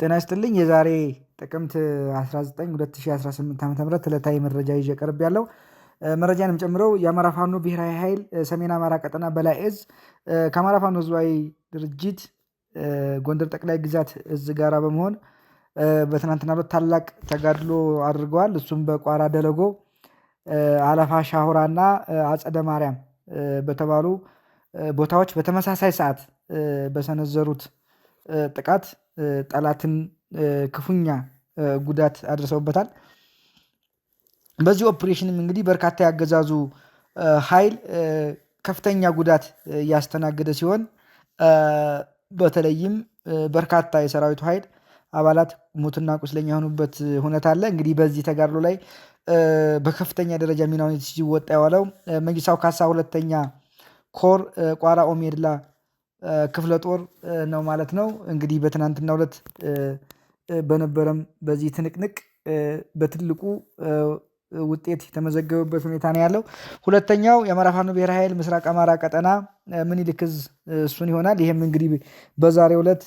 ጤና ይስጥልኝ የዛሬ ጥቅምት 19 2018 ዓ ም ዕለታዊ መረጃ ይዤ ያለው መረጃንም ጨምሮ የአማራ ፋኖ ብሔራዊ ኃይል ሰሜን አማራ ቀጠና በላይ እዝ ከአማራ ፋኖ ህዝባዊ ድርጅት ጎንደር ጠቅላይ ግዛት እዝ ጋራ በመሆን በትናንትና ዕለት ታላቅ ተጋድሎ አድርገዋል። እሱም በቋራ ደለጎ፣ አለፋ ሻሁራ እና አጸደ ማርያም በተባሉ ቦታዎች በተመሳሳይ ሰዓት በሰነዘሩት ጥቃት ጠላትን ክፉኛ ጉዳት አድርሰውበታል። በዚህ ኦፕሬሽንም እንግዲህ በርካታ ያገዛዙ ኃይል ከፍተኛ ጉዳት እያስተናገደ ሲሆን በተለይም በርካታ የሰራዊቱ ኃይል አባላት ሙትና ቁስለኛ የሆኑበት ሁኔታ አለ። እንግዲህ በዚህ ተጋድሎ ላይ በከፍተኛ ደረጃ ሚናውን ሲወጣ የዋለው መንግስታው ካሳ ሁለተኛ ኮር ቋራ ኦሜድላ ክፍለ ጦር ነው ማለት ነው። እንግዲህ በትናንትና ዕለት በነበረም በዚህ ትንቅንቅ በትልቁ ውጤት የተመዘገበበት ሁኔታ ነው ያለው። ሁለተኛው የአማራ ፋኖ ብሔራዊ ኃይል ምስራቅ አማራ ቀጠና ምኒልክ ዕዝ እሱን ይሆናል። ይህም እንግዲህ በዛሬው ዕለት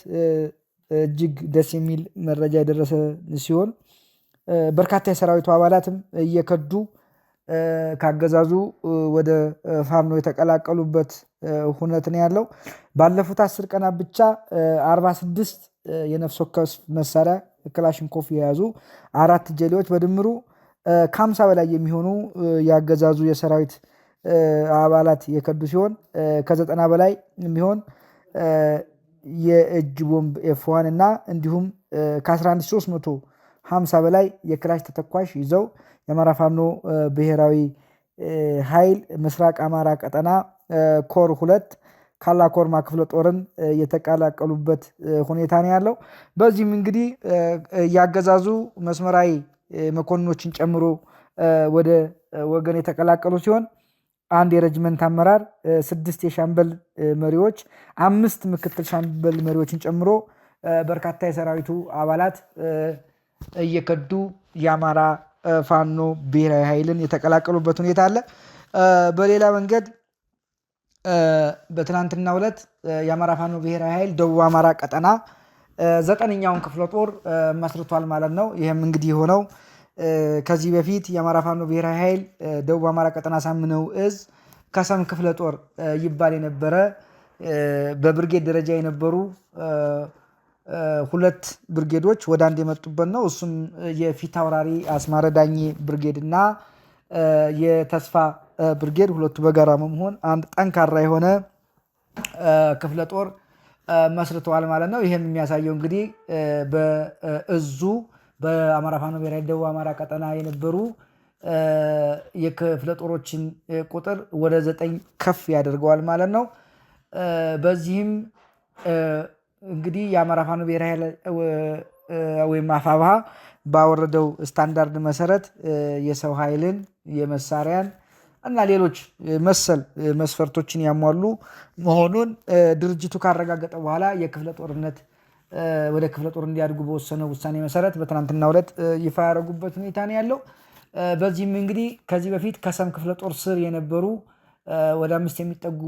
እጅግ ደስ የሚል መረጃ የደረሰ ሲሆን በርካታ የሰራዊቱ አባላትም እየከዱ ከአገዛዙ ወደ ፋኖ የተቀላቀሉበት ሁነት ነው ያለው። ባለፉት አስር ቀናት ብቻ 46 የነፍስ ወከፍ መሳሪያ ክላሽንኮፍ የያዙ አራት ጀሌዎች በድምሩ ከሀምሳ በላይ የሚሆኑ የአገዛዙ የሰራዊት አባላት የከዱ ሲሆን ከዘጠና በላይ የሚሆን የእጅ ቦምብ ኤፍዋን እና እንዲሁም ከ11300 ሀምሳ በላይ የክላሽ ተተኳሽ ይዘው የአማራ ፋኖ ብሔራዊ ኃይል ምስራቅ አማራ ቀጠና ኮር ሁለት ካላ ኮርማ ክፍለ ጦርን የተቀላቀሉበት ሁኔታ ነው ያለው። በዚህም እንግዲህ ያገዛዙ መስመራዊ መኮንኖችን ጨምሮ ወደ ወገን የተቀላቀሉ ሲሆን አንድ የረጅመንት አመራር፣ ስድስት የሻምበል መሪዎች፣ አምስት ምክትል ሻምበል መሪዎችን ጨምሮ በርካታ የሰራዊቱ አባላት እየከዱ የአማራ ፋኖ ብሔራዊ ኃይልን የተቀላቀሉበት ሁኔታ አለ። በሌላ መንገድ በትናንትና ዕለት የአማራ ፋኖ ብሔራዊ ኃይል ደቡብ አማራ ቀጠና ዘጠነኛውን ክፍለ ጦር መስርቷል ማለት ነው። ይህም እንግዲህ የሆነው ከዚህ በፊት የአማራ ፋኖ ብሔራዊ ኃይል ደቡብ አማራ ቀጠና ሳምነው እዝ ከሰም ክፍለ ጦር ይባል የነበረ በብርጌድ ደረጃ የነበሩ ሁለት ብርጌዶች ወደ አንድ የመጡበት ነው። እሱም የፊት አውራሪ አስማረ ዳኜ ብርጌድ እና የተስፋ ብርጌድ ሁለቱ በጋራ በመሆን አንድ ጠንካራ የሆነ ክፍለ ጦር መስርተዋል ማለት ነው። ይህም የሚያሳየው እንግዲህ በእዙ በአማራ ፋኖ ብሔራዊ ደቡብ አማራ ቀጠና የነበሩ የክፍለ ጦሮችን ቁጥር ወደ ዘጠኝ ከፍ ያደርገዋል ማለት ነው። በዚህም እንግዲህ የአማራ ፋኖ ብሔራዊ ወይም አፋብሃ ባወረደው ስታንዳርድ መሰረት የሰው ኃይልን የመሳሪያን እና ሌሎች መሰል መስፈርቶችን ያሟሉ መሆኑን ድርጅቱ ካረጋገጠ በኋላ የክፍለ ጦርነት ወደ ክፍለ ጦር እንዲያድጉ በወሰነ ውሳኔ መሰረት በትናንትና ዕለት ይፋ ያደረጉበት ሁኔታ ነው ያለው። በዚህም እንግዲህ ከዚህ በፊት ከሰም ክፍለ ጦር ስር የነበሩ ወደ አምስት የሚጠጉ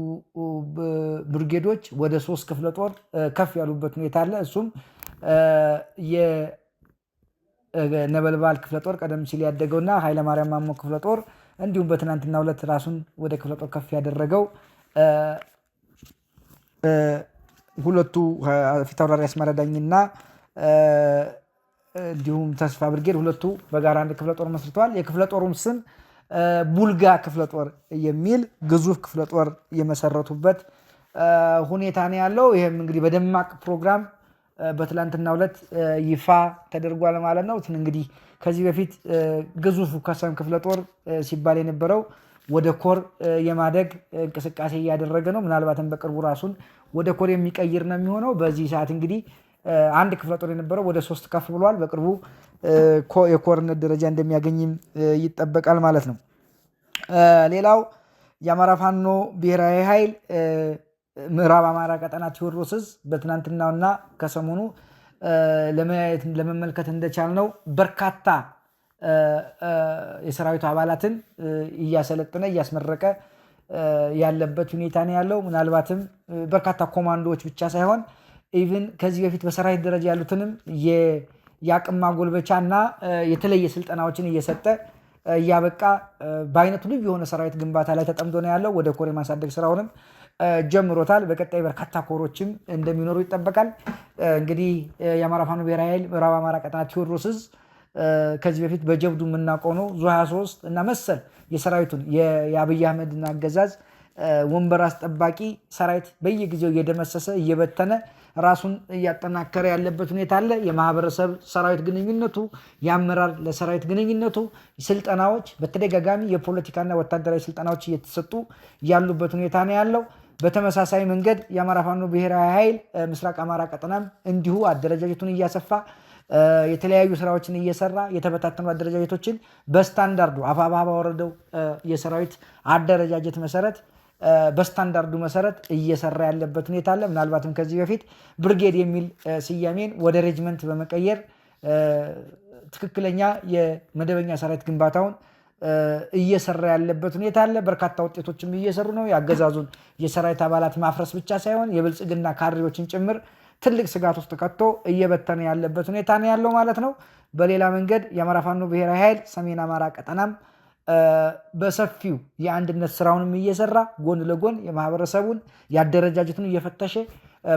ብርጌዶች ወደ ሶስት ክፍለ ጦር ከፍ ያሉበት ሁኔታ አለ። እሱም የነበልባል ክፍለ ጦር ቀደም ሲል ያደገውና ኃይለማርያም ማሞ ክፍለ ጦር እንዲሁም በትናንትና ሁለት ራሱን ወደ ክፍለ ጦር ከፍ ያደረገው ሁለቱ ፊት አውራሪ ዳኝና እንዲሁም ተስፋ ብርጌድ ሁለቱ በጋራ አንድ ክፍለ ጦር መስርተዋል። የክፍለ ጦሩም ስም ቡልጋ ክፍለ ጦር የሚል ግዙፍ ክፍለ ጦር የመሰረቱበት ሁኔታ ነው ያለው። ይህም እንግዲህ በደማቅ ፕሮግራም በትላንትና ዕለት ይፋ ተደርጓል ማለት ነው። እንግዲህ ከዚህ በፊት ግዙፉ ከሰም ክፍለ ጦር ሲባል የነበረው ወደ ኮር የማደግ እንቅስቃሴ እያደረገ ነው። ምናልባትም በቅርቡ ራሱን ወደ ኮር የሚቀይር ነው የሚሆነው። በዚህ ሰዓት እንግዲህ አንድ ክፍለ ጦር የነበረው ወደ ሶስት ከፍ ብሏል። በቅርቡ የኮርነት ደረጃ እንደሚያገኝም ይጠበቃል ማለት ነው። ሌላው የአማራ ፋኖ ብሔራዊ ኃይል ምዕራብ አማራ ቀጠና ቴዎድሮስ ዕዝ በትናንትናውና ከሰሞኑ ለመመልከት እንደቻልነው በርካታ የሰራዊቱ አባላትን እያሰለጠነ እያስመረቀ ያለበት ሁኔታ ነው ያለው። ምናልባትም በርካታ ኮማንዶዎች ብቻ ሳይሆን ኢቭን ከዚህ በፊት በሰራዊት ደረጃ ያሉትንም የአቅም ማጎልበቻ እና የተለየ ስልጠናዎችን እየሰጠ እያበቃ በአይነቱ ልዩ የሆነ ሰራዊት ግንባታ ላይ ተጠምዶ ነው ያለው። ወደ ኮር የማሳደግ ስራውንም ጀምሮታል። በቀጣይ በርካታ ኮሮችም እንደሚኖሩ ይጠበቃል። እንግዲህ የአማራ ፋኖ ብሔራዊ ኃይል ምዕራብ አማራ ቀጠና ቴዎድሮስ እዝ ከዚህ በፊት በጀብዱ የምናውቀው ነው። ዙ 23 እና መሰል የሰራዊቱን የአብይ አህመድን አገዛዝ ወንበር አስጠባቂ ሰራዊት በየጊዜው እየደመሰሰ እየበተነ ራሱን እያጠናከረ ያለበት ሁኔታ አለ። የማህበረሰብ ሰራዊት ግንኙነቱ፣ የአመራር ለሰራዊት ግንኙነቱ ስልጠናዎች፣ በተደጋጋሚ የፖለቲካና ወታደራዊ ስልጠናዎች እየተሰጡ ያሉበት ሁኔታ ነው ያለው። በተመሳሳይ መንገድ የአማራ ፋኖ ብሔራዊ ኃይል ምስራቅ አማራ ቀጠናም እንዲሁ አደረጃጀቱን እያሰፋ የተለያዩ ስራዎችን እየሰራ የተበታተኑ አደረጃጀቶችን በስታንዳርዱ አፋባ ባወረደው የሰራዊት አደረጃጀት መሰረት በስታንዳርዱ መሰረት እየሰራ ያለበት ሁኔታ አለ። ምናልባትም ከዚህ በፊት ብርጌድ የሚል ስያሜን ወደ ሬጅመንት በመቀየር ትክክለኛ የመደበኛ ሰራዊት ግንባታውን እየሰራ ያለበት ሁኔታ አለ። በርካታ ውጤቶችም እየሰሩ ነው። የአገዛዙን የሰራዊት አባላት ማፍረስ ብቻ ሳይሆን የብልጽግና ካድሬዎችን ጭምር ትልቅ ስጋት ውስጥ ከቶ እየበተነ ያለበት ሁኔታ ነው ያለው ማለት ነው። በሌላ መንገድ የአማራ ፋኖ ብሔራዊ ኃይል ሰሜን አማራ ቀጠናም በሰፊው የአንድነት ስራውንም እየሰራ ጎን ለጎን የማህበረሰቡን የአደረጃጀቱን እየፈተሸ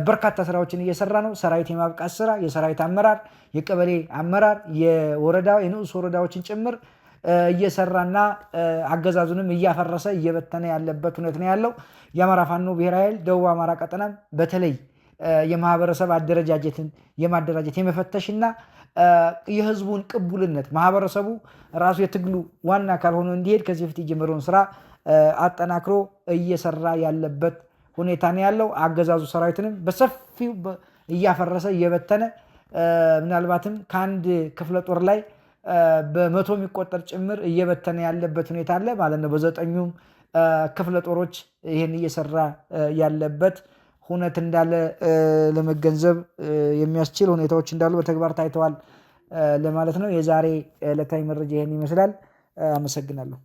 በርካታ ስራዎችን እየሰራ ነው። ሰራዊት የማብቃት ስራ፣ የሰራዊት አመራር፣ የቀበሌ አመራር፣ የወረዳ የንዑስ ወረዳዎችን ጭምር እየሰራና አገዛዙንም እያፈረሰ እየበተነ ያለበት ሁኔታ ነው ያለው የአማራ ፋኖ ብሔራዊ ኃይል ደቡብ አማራ ቀጠናም በተለይ የማህበረሰብ አደረጃጀትን የማደራጀት የመፈተሽና የህዝቡን ቅቡልነት ማህበረሰቡ ራሱ የትግሉ ዋና ሆኖ እንዲሄድ ከዚህ በፊት የጀመረውን ስራ አጠናክሮ እየሰራ ያለበት ሁኔታ ነው ያለው። አገዛዙ ሰራዊትንም በሰፊው እያፈረሰ እየበተነ ምናልባትም ከአንድ ክፍለ ጦር ላይ በመቶ የሚቆጠር ጭምር እየበተነ ያለበት ሁኔታ አለ ማለት ነው። በዘጠኙም ክፍለ ጦሮች ይህን እየሰራ ያለበት ሁነት እንዳለ ለመገንዘብ የሚያስችል ሁኔታዎች እንዳሉ በተግባር ታይተዋል ለማለት ነው። የዛሬ ዕለታዊ መረጃ ይህን ይመስላል። አመሰግናለሁ።